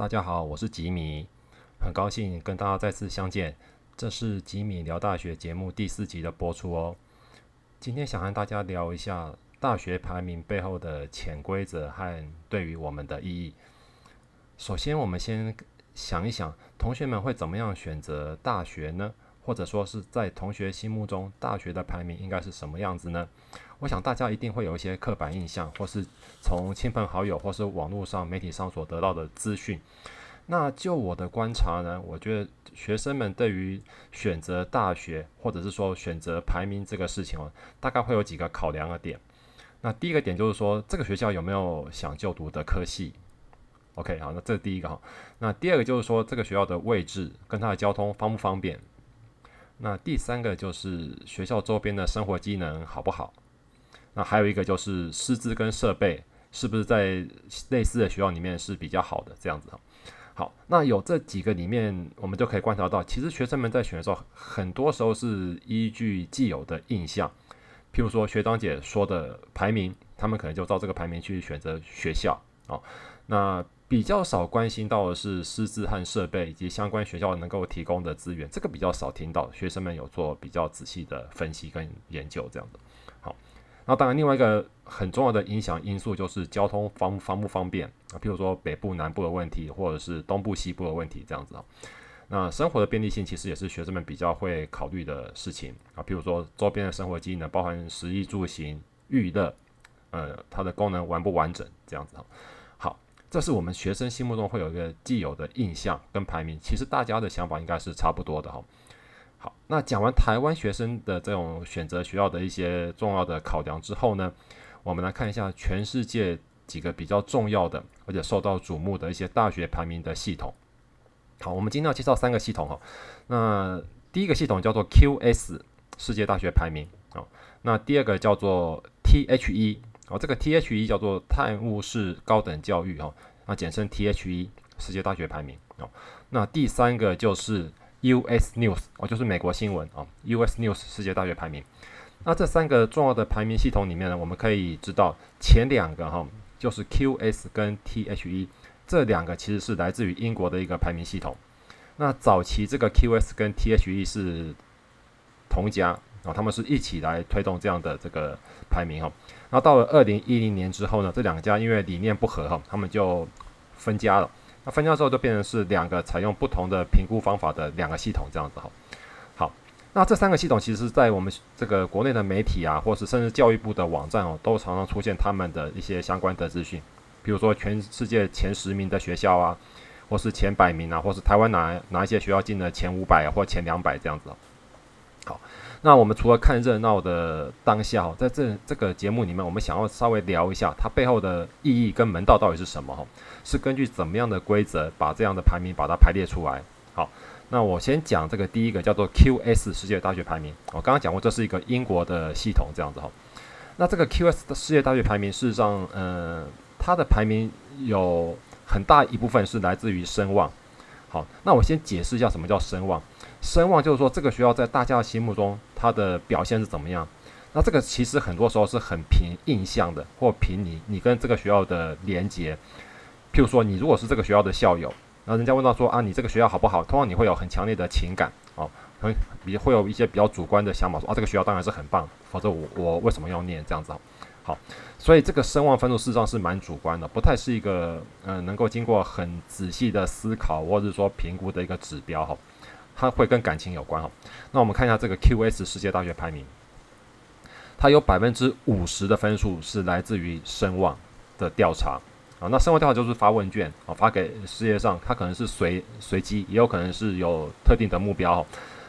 大家好，我是吉米，很高興跟大家再次相見。這是吉米聊大學節目第四集的播出哦。今天想和大家聊一下大學排名背後的潛規則和對於我們的意義。首先，我們先想一想，同學們會怎麼樣選擇大學呢？或者說是在同學心目中，大學的排名應該是什麼樣子呢？我想大家一定會有一些刻板印象，或是從親朋好友或是網絡上、媒體上所得到的資訊。那就我的觀察呢，我覺得學生們對於選擇大學，或者是說選擇排名這個事情哦，大概會有幾個考量的點。那第一個點就是說，這個學校有沒有想就讀的科系？OK，好，那這是第一個哈。那第二個就是說，這個學校的位置跟它的交通方不方便？那第三個就是學校周邊的生活機能好不好？那還有一個就是師資跟設備是不是在類似的學校裡面是比較好的？這樣子哈。好，那有這幾個裡面，我們就可以觀察到，其實學生們在選的時候，很多時候是依據既有的印象，譬如說學長姐說的排名，他們可能就照這個排名去選擇學校啊、哦。那比較少關心到的是師資和設備以及相關學校能夠提供的資源，這個比較少聽到學生們有做比較仔細的分析跟研究這樣的。好，那當然另外一個很重要的影響因素就是交通方方不方便啊，譬如說北部南部的問題或者是東部西部的問題這樣子哈、啊，那生活的便利性其實也是學生們比較會考慮的事情啊，譬如說周邊的生活機能，包含食衣住行娛樂，呃，它的功能完不完整這樣子哈。啊這是我們學生心目中會有一個既有的印象跟排名，其實大家的想法應該是差不多的哈。好，那講完台灣學生的這種選擇學校的一些重要的考量之後呢，我們來看一下全世界幾個比較重要的，而且受到矚目的一些大學排名的系統。好，我們今天要介紹三個系統哈。那第一個系統叫做 QS 世界大學排名啊，那第二個叫做 THE。哦，這個 T H E 叫做泰晤士高等教育哈，那簡稱 T H E 世界大學排名哦。那第三個就是 U S News 哦，就是美國新聞啊 U S News 世界大學排名。那這三個重要的排名系統裡面呢，我們可以知道前兩個哈，就是 Q S 跟 T H E 這兩個其實是來自於英國的一個排名系統。那早期這個 Q S 跟 T H E 是同一家啊，他們是一起來推動這樣的這個排名哈。然後到了二零一零年之後呢，這兩家因為理念不合哈，他們就分家了。那分家之後，就變成是兩個採用不同的評估方法的兩個系統這樣子哈。好，那這三個系統其實在我們這個國內的媒體啊，或是甚至教育部的網站哦、啊，都常常出現他們的一些相關的資訊，比如說全世界前十名的學校啊，或是前百名啊，或是台灣哪哪一些學校進了前五百啊，或前兩百這樣子好。好。那我們除了看熱鬧的當下哈，在這這個節目裡面，我們想要稍微聊一下它背後的意義跟門道到底是什麼哈？是根據怎麼樣的規則把這樣的排名把它排列出來？好，那我先講這個第一個叫做 QS 世界大學排名。我剛剛講過，這是一個英國的系統這樣子哈。那這個 QS 的世界大學排名，事實上，嗯、呃，它的排名有很大一部分是來自於聲望。好，那我先解釋一下什麼叫聲望。聲望就是說，這個學校在大家的心目中，它的表現是怎麼樣？那這個其實很多時候是很憑印象的，或憑你你跟這個學校的連結。譬如說，你如果是這個學校的校友，那人家問到說啊，你這個學校好不好？通常你會有很強烈的情感哦，很你會有一些比較主觀的想法，說啊，這個學校當然是很棒，否則我我為什麼要念這樣子？好，所以這個聲望分數事實上是蠻主觀的，不太是一個嗯、呃、能夠經過很仔細的思考或者說評估的一個指標哈。它會跟感情有關哈，那我們看一下這個 QS 世界大學排名，它有百分之五十的分數是來自於聲望的調查啊，那聲望調查就是發問卷啊，發給世界上，它可能是隨隨機，也有可能是有特定的目標，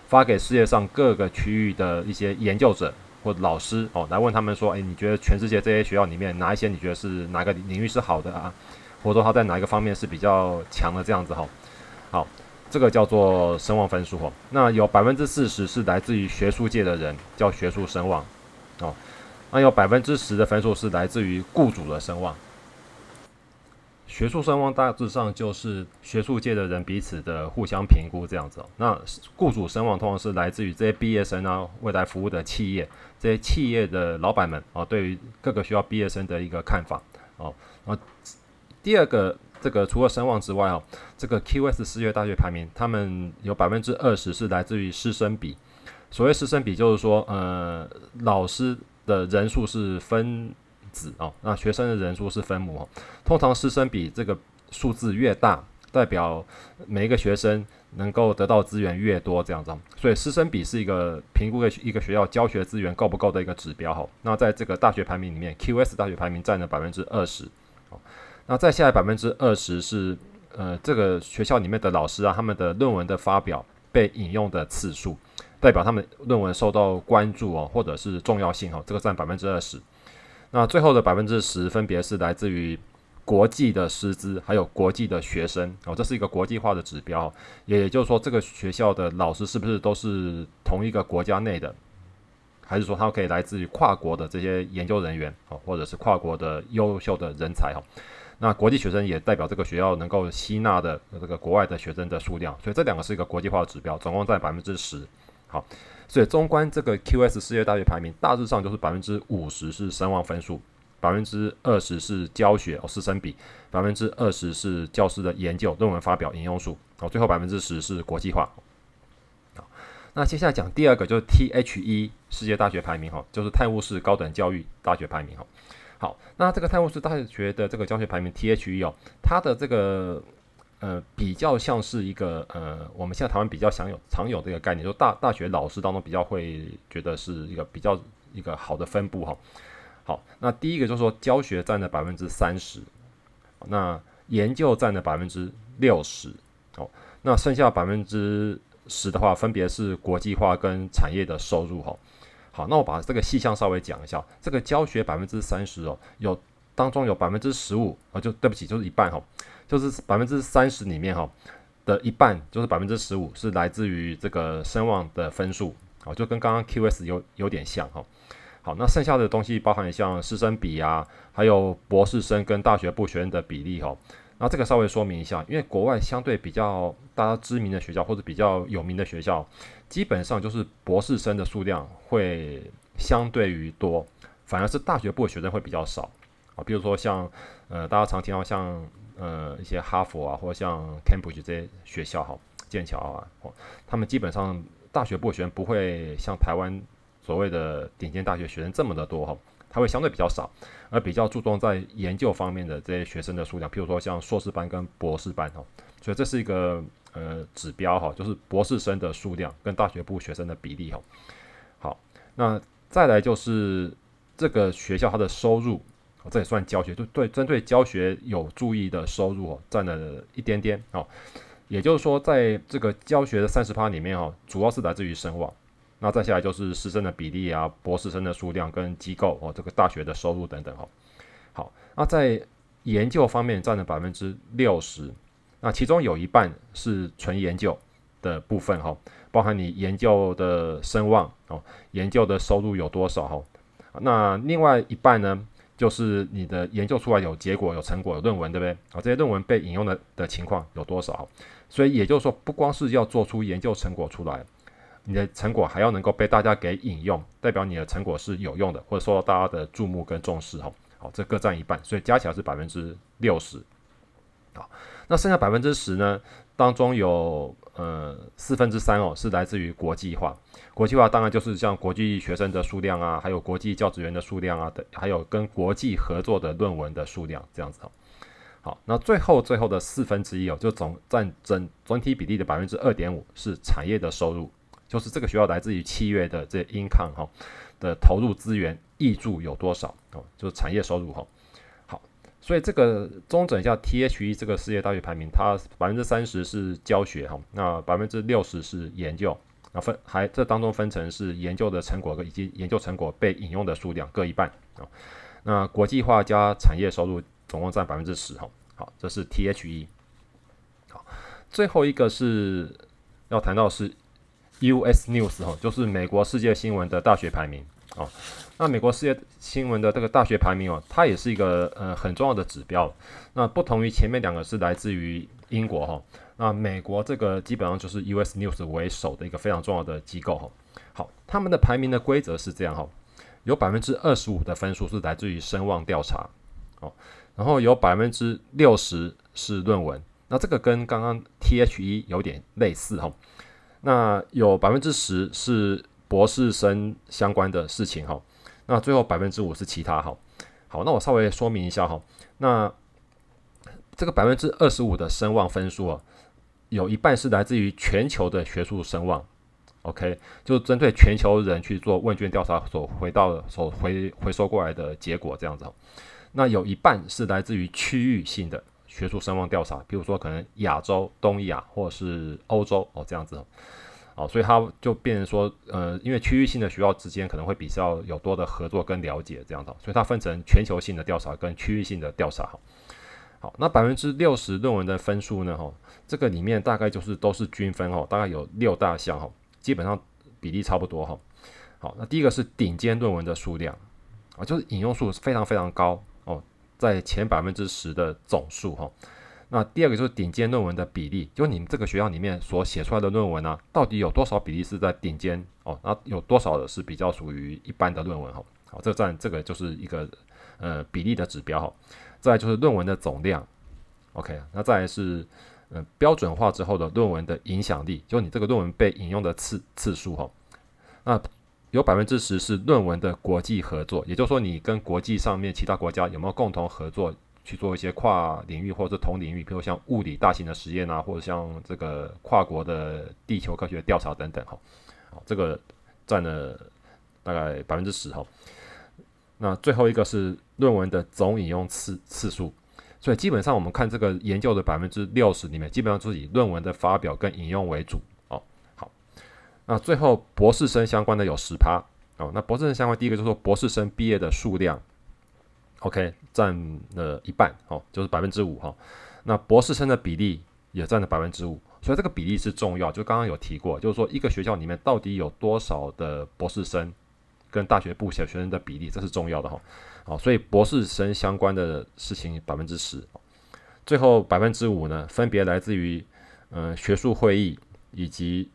發給世界上各個區域的一些研究者或老師哦，來問他們說，誒，你覺得全世界這些學校裡面，哪一些你覺得是哪個領域是好的啊，或者說它在哪一個方面是比較強的這樣子哈，好。這個叫做聲望分數哦，那有百分之四十是來自於學術界的人，叫學術聲望，哦，那有百分之十的分數是來自於雇主的聲望。學術聲望大致上就是學術界的人彼此的互相評估這樣子哦。那雇主聲望通常是來自於這些畢業生啊，未來服務的企業，這些企業的老板們啊，哦，對於各個學校畢業生的一個看法哦。那第二個。這個除了聲望之外哦，這個 QS 世界大學排名，他們有百分之二十是來自於師生比。所謂師生比，就是說，呃，老師的人數是分子哦，那學生的人數是分母哦。通常師生比這個數字越大，代表每一個學生能夠得到資源越多這樣子。所以師生比是一個評估的一個學校教學資源夠不夠的一個指標哈，哦，那在這個大學排名裡面，QS 大學排名佔了百分之二十哦。那再下來百分之二十是，呃，這個學校裡面的老師啊，他們的論文的發表被引用的次數，代表他們論文受到關注哦，或者是重要性哦，這個占百分之二十。那最後的百分之十，分別是來自於國際的師資，還有國際的學生哦，這是一個國際化的指標哦。也就是說，這個學校的老師是不是都是同一個國家內的，還是說他可以來自於跨國的這些研究人員哦，或者是跨國的優秀的人才哦。那國際學生也代表這個學校能夠吸納的這個國外的學生的數量，所以這兩個是一個國際化的指標，總共在百分之十。好，所以綜觀這個 QS 世界大學排名，大致上就是百分之五十是聲望分數，百分之二十是教學，哦，師生比，百分之二十是教師的研究論文發表引用數，哦，最後百分之十是國際化。好，那接下來講第二個就是 THE 世界大學排名，哈，就是泰晤士高等教育大學排名，哈。好，那這個泰晤士大學的這個教學排名 T H E 哦，它的這個呃比較像是一個呃我們現在台灣比較享有常有這個概念，說大大學老師當中比較會覺得是一個比較一個好的分布哈、哦。好，那第一個就是說教學占了百分之三十，那研究占了百分之六十，哦，那剩下百分之十的話，分別是國際化跟產業的收入哈、哦。好，那我把這個細項稍微講一下。這個教學百分之三十哦，有當中有百分之十五啊，就對不起，就是一半哈、哦，就是百分之三十裡面哈、哦、的一半，就是百分之十五是來自於這個聲望的分數啊、哦，就跟剛剛 QS 有有點像哈、哦。好，那剩下的東西包含像師生比啊，還有博士生跟大學部學院的比例哈、哦。那、啊、這個稍微說明一下，因為國外相對比較大家知名的學校或者比較有名的學校，基本上就是博士生的數量會相對於多，反而是大學部的學生會比較少啊。比如說像呃大家常聽到像呃一些哈佛啊或像 Cambridge 這些學校，哈劍橋啊、哦，他們基本上大學部的學生不會像台灣所謂的頂尖大學學生這麼的多哈。它會相對比較少，而比較注重在研究方面的這些學生的數量，譬如說像碩士班跟博士班哦，所以這是一個呃指標哈，就是博士生的數量跟大學部學生的比例哦。好，那再來就是這個學校它的收入，這也算教學，就對針對教學有助益的收入哦，占了一點點哦，也就是說在這個教學的三十趴裡面哦，主要是來自於聲望。那再下來就是師生的比例啊，博士生的數量跟機構哦，這個大學的收入等等哦。好，那在研究方面佔了百分之六十，那其中有一半是純研究的部分哈、哦，包含你研究的聲望哦，研究的收入有多少哈、哦？那另外一半呢，就是你的研究出來有結果、有成果、有論文，對不對啊、哦？這些論文被引用的的情況有多少、哦？所以也就是說，不光是要做出研究成果出來。你的成果還要能夠被大家給引用，代表你的成果是有用的，或者受到大家的注目跟重視哦。好，這各占一半，所以加起來是百分之六十。好，那剩下百分之十呢？當中有呃四分之三哦，是來自於國際化。國際化當然就是像國際學生的數量啊，還有國際教職員的數量啊的，還有跟國際合作的論文的數量這樣子哈、哦。好，那最後最後的四分之一哦，就總占整整體比例的百分之二點五是產業的收入。就是這個學校來自於七月的這 income 哈的投入資源挹注有多少哦，就是產業收入哈。好，所以這個綜整一下，T H E 這個世界大學排名，它百分之三十是教學哈，那百分之六十是研究，那分還這當中分成是研究的成果以及研究成果被引用的數量各一半啊。那國際化加產業收入總共占百分之十哈。好，這是 T H E。好，最後一個是要談到是。US News 哈，就是美國世界新聞的大學排名哦。那美國世界新聞的這個大學排名哦，它也是一個呃很重要的指標。那不同於前面兩個是來自於英國哈，那美國這個基本上就是 US News 為首的一個非常重要的機構哈。好，他們的排名的規則是這樣哈：有百分之二十五的分數是來自於聲望調查哦，然後有百分之六十是論文。那這個跟剛剛 THE 有點類似哈。那有百分之十是博士生相關的事情哈，那最後百分之五是其他哈。好，那我稍微說明一下哈。那這個百分之二十五的聲望分數啊，有一半是來自於全球的學術聲望，OK，就針對全球人去做問卷調查所回到的，所回回收過來的結果這樣子。那有一半是來自於區域性的。學術聲望調查，比如說可能亞洲、東亞或者是歐洲哦，這樣子，哦，所以它就變成說，呃，因為區域性的學校之間可能會比較有多的合作跟了解這樣的，所以它分成全球性的調查跟區域性的調查。好，那百分之六十論文的分數呢？哈，這個裡面大概就是都是均分哦，大概有六大項哦，基本上比例差不多哈。好，那第一個是頂尖論文的數量啊，就是引用數非常非常高。在前百分之十的總數哈，那第二個就是頂尖論文的比例，就是你們這個學校裡面所寫出來的論文呢、啊，到底有多少比例是在頂尖哦？那、啊、有多少的是比較屬於一般的論文哈？好，這占這個就是一個呃比例的指標哈。再就是論文的總量，OK，那再是呃標準化之後的論文的影響力，就是你這個論文被引用的次次數哈。那。有百分之十是論文的國際合作，也就是說，你跟國際上面其他國家有沒有共同合作去做一些跨領域或者是同領域，比如像物理大型的實驗啊，或者像這個跨國的地球科學調查等等，哈，這個佔了大概百分之十，哈。那最後一個是論文的總引用次次數，所以基本上我們看這個研究的百分之六十裡面，基本上是以論文的發表跟引用為主。那最後博士生相關的有十趴哦，那博士生相關第一個就是說，博士生畢業的數量，OK 占了一半哦，就是百分之五哈。那博士生的比例也占了百分之五，所以這個比例是重要。就剛剛有提過，就是說一個學校裡面到底有多少的博士生跟大學部小學生的比例，這是重要的哈。哦，所以博士生相關的事情百分之十，最後百分之五呢，分別來自於嗯、呃、學術會議以及。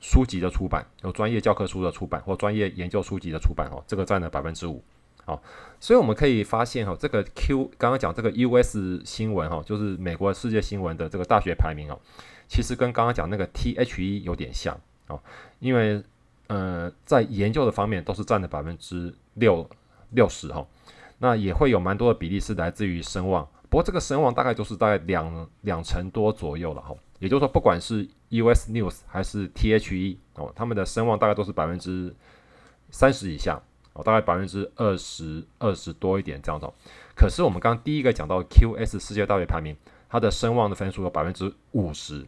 書籍的出版，有專業教科書的出版或專業研究書籍的出版哦，這個占了百分之五，好，所以我們可以發現哈，這個 Q 剛剛講這個 US 新聞哈，就是美國世界新聞的這個大學排名哦，其實跟剛剛講那個 THE 有點像哦，因為呃在研究的方面都是占了百分之六六十，哈，那也會有蠻多的比例是來自於聲望，不過這個聲望大概就是大概兩兩成多左右了哈，也就是說不管是。U.S. News 還是 THE 哦，他們的聲望大概都是百分之三十以下哦，大概百分之二十二十多一點這樣子。可是我們剛剛第一個講到 QS 世界大學排名，它的聲望的分數有百分之五十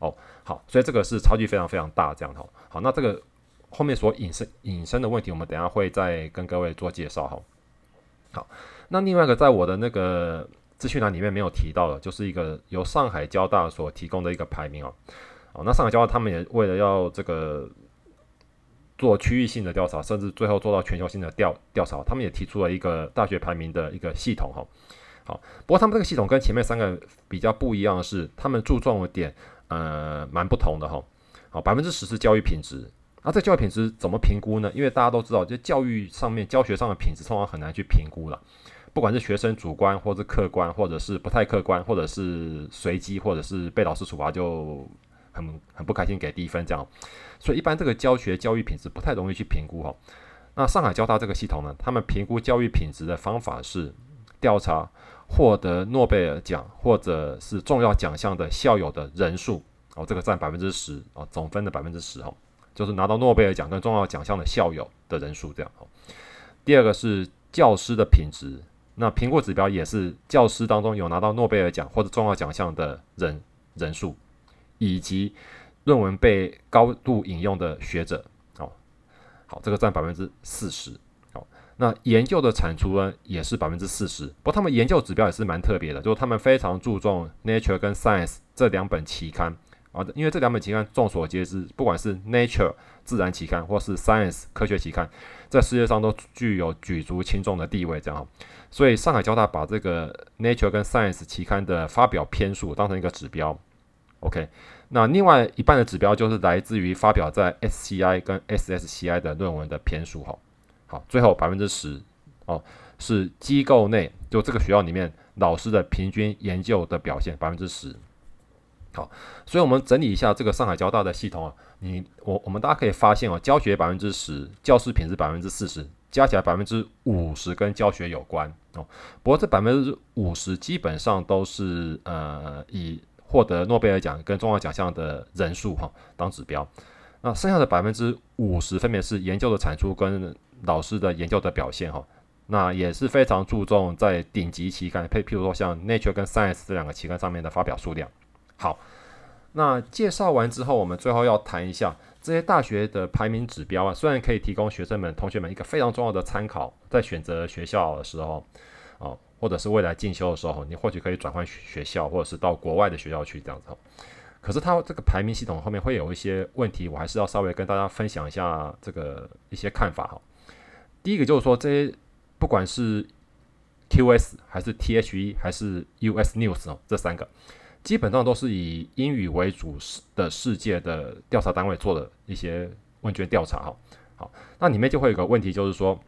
哦。好，所以這個是差距非常非常大這樣子。好，那這個後面所引申引申的問題，我們等下會再跟各位做介紹好。好，那另外一個在我的那個資訊欄裡面沒有提到的，就是一個由上海交大所提供的一個排名哦。哦，那上海交大他們也為了要這個做區域性的調查，甚至最後做到全球性的調調查，他們也提出了一個大學排名的一個系統哈。好，不過他們這個系統跟前面三個比較不一樣的是，他們注重的點呃蠻不同的哈。好，百分之十是教育品質，那這教育品質怎麼評估呢？因為大家都知道，就教育上面教學上的品質，通常很難去評估了，不管是學生主觀，或是客觀，或者是不太客觀，或者是隨機，或者是被老師處罰就。很很不開心，給低分這樣，所以一般這個教學教育品質不太容易去評估哈、哦。那上海交大這個系統呢，他們評估教育品質的方法是調查獲得諾貝爾獎或者是重要獎項的校友的人數哦，這個占百分之十哦，總分的百分之十哈，就是拿到諾貝爾獎跟重要獎項的校友的人數這樣。第二個是教師的品質，那評估指標也是教師當中有拿到諾貝爾獎或者重要獎項的人人數，以及論文被高度引用的學者，哦，好，這個占百分之四十，哦，那研究的產出呢，也是百分之四十。不過他們研究指標也是蠻特別的，就是他們非常注重 Nature 跟 Science 這兩本期刊啊，因為這兩本期刊眾所皆知，不管是 Nature 自然期刊或是 Science 科學期刊，在世界上都具有舉足輕重的地位，這樣。所以上海交大把這個 Nature 跟 Science 期刊的發表篇數當成一個指標。OK，那另外一半的指標就是來自於發表在 SCI 跟 SSCI 的論文的篇數，哈，好，最後百分之十哦是機構內就這個學校裡面老師的平均研究的表現，百分之十，好，所以我們整理一下這個上海交大的系統啊，你我我們大家可以發現哦，教學百分之十，教師品質百分之四十，加起來百分之五十跟教學有關哦，不過這百分之五十基本上都是呃以。獲得諾貝爾獎跟重要獎項的人數哈、啊、當指標，那剩下的百分之五十分別是研究的產出跟老師的研究的表現哈、啊，那也是非常注重在頂級期刊，譬譬如說像 Nature 跟 Science 這兩個期刊上面的發表數量。好，那介紹完之後，我們最後要談一下這些大學的排名指標啊，雖然可以提供學生們、同學們一個非常重要的參考，在選擇學校的時候，哦。或者是未來進修的時候，你或許可以轉換學校，或者是到國外的學校去這樣子。可是它這個排名系統後面會有一些問題，我還是要稍微跟大家分享一下這個一些看法哈。第一個就是說，這些不管是 QS 還是 THE 還是 US News 哦，這三個基本上都是以英語為主的世界的調查單位做的一些問卷調查哈。好，那裡面就會有一個問題，就是說。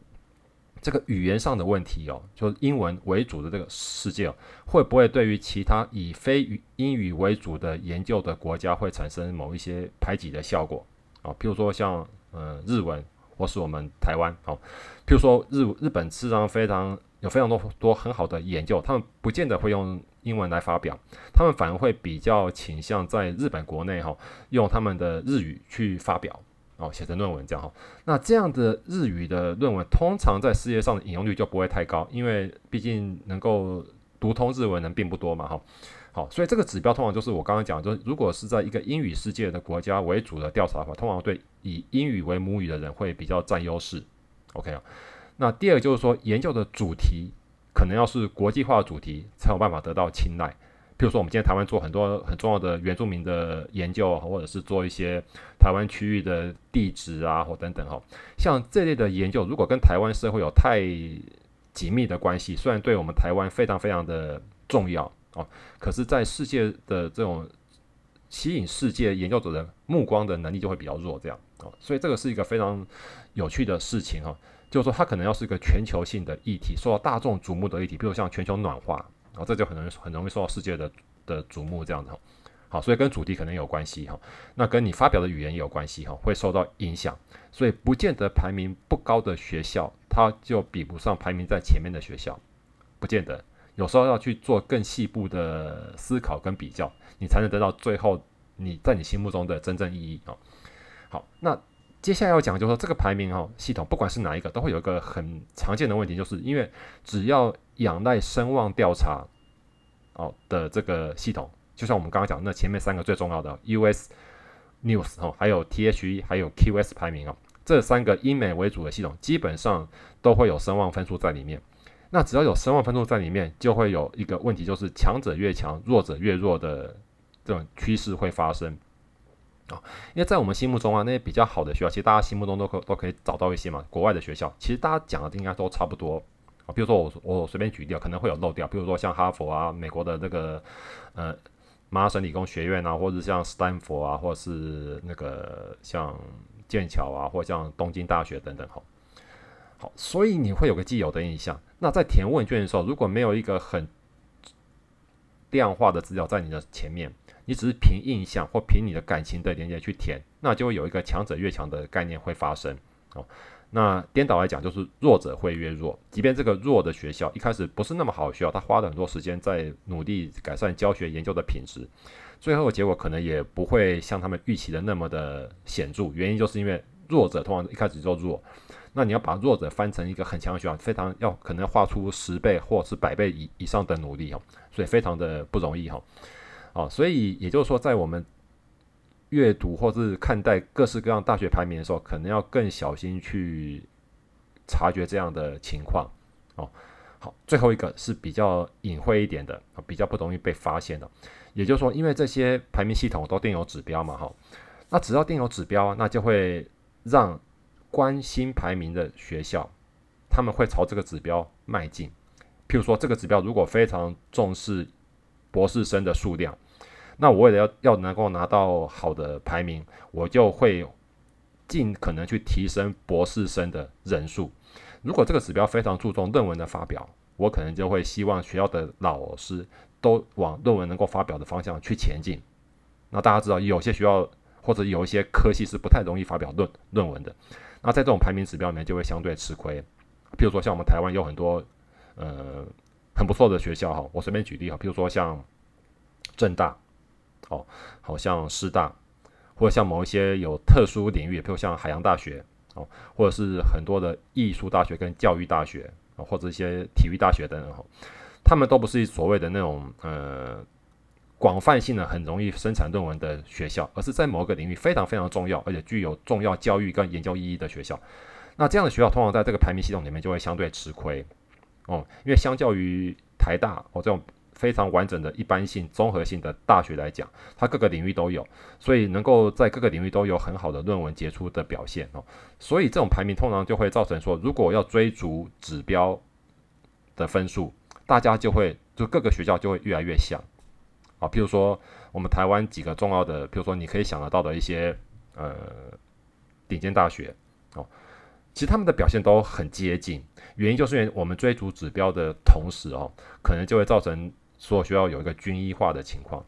這個語言上的問題哦，就是英文為主的這個世界哦，會不會對於其他以非英語為主的研究的國家會產生某一些排擠的效果啊？哦、譬如說像呃日文，或是我們台灣哦，譬如說日日本，市場非常有非常多多很好的研究，他們不見得會用英文來發表，他們反而會比較傾向在日本國內哈、哦、用他們的日語去發表。哦，寫成論文這樣哈，那這樣的日語的論文，通常在世界上的引用率就不會太高，因為畢竟能夠讀通日文人並不多嘛哈。好，所以這個指標通常就是我剛剛講，就是如果是在一個英語世界的國家為主的調查的話，通常對以英語為母語的人會比較佔優勢。OK 啊，那第二個就是說，研究的主題可能要是國際化的主題，才有辦法得到青睞。比如說，我們今天台灣做很多很重要的原住民的研究，或者是做一些台灣區域的地質啊，或、哦、等等哈、哦，像這類的研究，如果跟台灣社會有太緊密的關係，雖然對我們台灣非常非常的重要啊、哦，可是，在世界的這種吸引世界研究者的目光的能力就會比較弱，這樣啊、哦，所以這個是一個非常有趣的事情哈、哦，就是說它可能要是一個全球性的議題，受到大眾矚目的議題，比如像全球暖化。然後、哦，這就很容易很容易受到世界的的矚目，這樣子哈、哦，好，所以跟主題可能有關係哈、哦，那跟你發表的語言也有關係哈、哦，會受到影響，所以不見得排名不高的學校，它就比不上排名在前面的學校，不見得，有時候要去做更細部的思考跟比較，你才能得到最後你在你心目中的真正意義啊、哦，好，那。接下來要講，就是說這個排名哦，系統不管是哪一個，都會有一個很常見的問題，就是因為只要仰賴聲望調查哦的這個系統，就像我們剛剛講那前面三個最重要的哦，US News 哦，還有 THE 還有 QS 排名哦，這三個英美為主的系統，基本上都會有聲望分數在裡面。那只要有聲望分數在裡面，就會有一個問題，就是強者越強，弱者越弱的這種趨勢會發生。啊，因為在我們心目中啊，那些比較好的學校，其實大家心目中都可都可以找到一些嘛，國外的學校，其實大家講的應該都差不多啊。比如說我我隨便舉例，可能會有漏掉，比如說像哈佛啊，美國的那個呃麻省理工學院啊，或者是像史丹佛啊，或者是那個像劍橋啊，或像東京大學等等吼，好，所以你會有個既有的印象。那在填問卷的時候，如果沒有一個很量化的資料在你的前面。你只是憑印象或憑你的感情的連接去填，那就會有一個強者越強的概念會發生哦。那顛倒來講，就是弱者會越弱。即便這個弱的學校一開始不是那麼好的學校，他花了很多時間在努力改善教學研究的品質，最後結果可能也不會像他們預期的那麼的顯著。原因就是因為弱者通常一開始就弱，那你要把弱者翻成一個很強的學校，非常要可能要花出十倍或是百倍以以上的努力哦，所以非常的不容易哈。哦，所以也就是說，在我們閱讀或是看待各式各樣大學排名的時候，可能要更小心去察覺這樣的情況。哦，好，最後一個是比較隱晦一點的，比較不容易被發現的。也就是說，因為這些排名系統都定有指標嘛，哈、哦，那只要定有指標，那就會讓關心排名的學校，他們會朝這個指標邁進。譬如說，這個指標如果非常重視博士生的數量。那我為了要要能夠拿到好的排名，我就會盡可能去提升博士生的人數。如果這個指標非常注重論文的發表，我可能就會希望學校的老師都往論文能夠發表的方向去前進。那大家知道，有些學校或者有一些科系是不太容易發表論論文的。那在這種排名指標裡面，就會相對吃虧。比如說，像我們台灣有很多呃很不錯的學校哈，我隨便舉例哈，比如說像政大。哦，好像師大，或者像某一些有特殊領域，比如像海洋大學，哦，或者是很多的藝術大學、跟教育大學、哦，或者一些體育大學等等，哦，他們都不是所謂的那種呃廣泛性的、很容易生產論文的學校，而是在某個領域非常非常重要，而且具有重要教育跟研究意義的學校。那這樣的學校通常在這個排名系統裡面就會相對吃虧，哦，因為相較於台大哦這種。非常完整的一般性綜合性的大學來講，它各個領域都有，所以能夠在各個領域都有很好的論文傑出的表現哦。所以這種排名通常就會造成說，如果要追逐指標的分數，大家就會就各個學校就會越來越像。啊，譬如說我們台灣幾個重要的，譬如說你可以想得到的一些呃頂尖大學哦，其實他們的表現都很接近，原因就是因為我們追逐指標的同時哦，可能就會造成。所有學校有一個均一化的情況，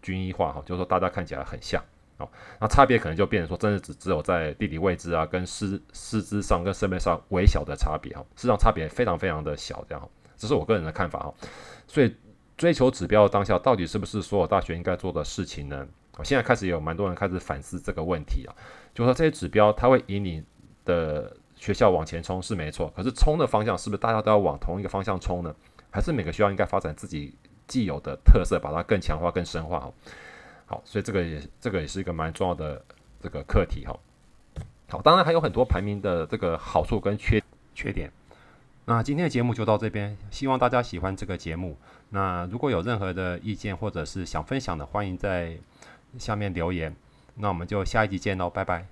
均一化哈，就是說大家看起來很像啊、哦，那差別可能就變成說，真的只只有在地理位置啊、跟師師資上、跟設備上微小的差別哈，事實上差別非常非常的小，這樣，這是我個人的看法哈，所以追求指標的當下到底是不是所有大學應該做的事情呢？我現在開始有蠻多人開始反思這個問題啊，就是說，這些指標它會引你的學校往前衝是沒錯，可是衝的方向是不是大家都要往同一個方向衝呢？還是每個學校應該發展自己既有的特色，把它更強化、更深化，好，好，所以這個也這個也是一個蠻重要的這個課題，哈，好，當然還有很多排名的這個好處跟缺點缺點。那今天的節目就到這邊，希望大家喜歡這個節目。那如果有任何的意見或者是想分享的，歡迎在下面留言。那我們就下一集見嘍，拜拜。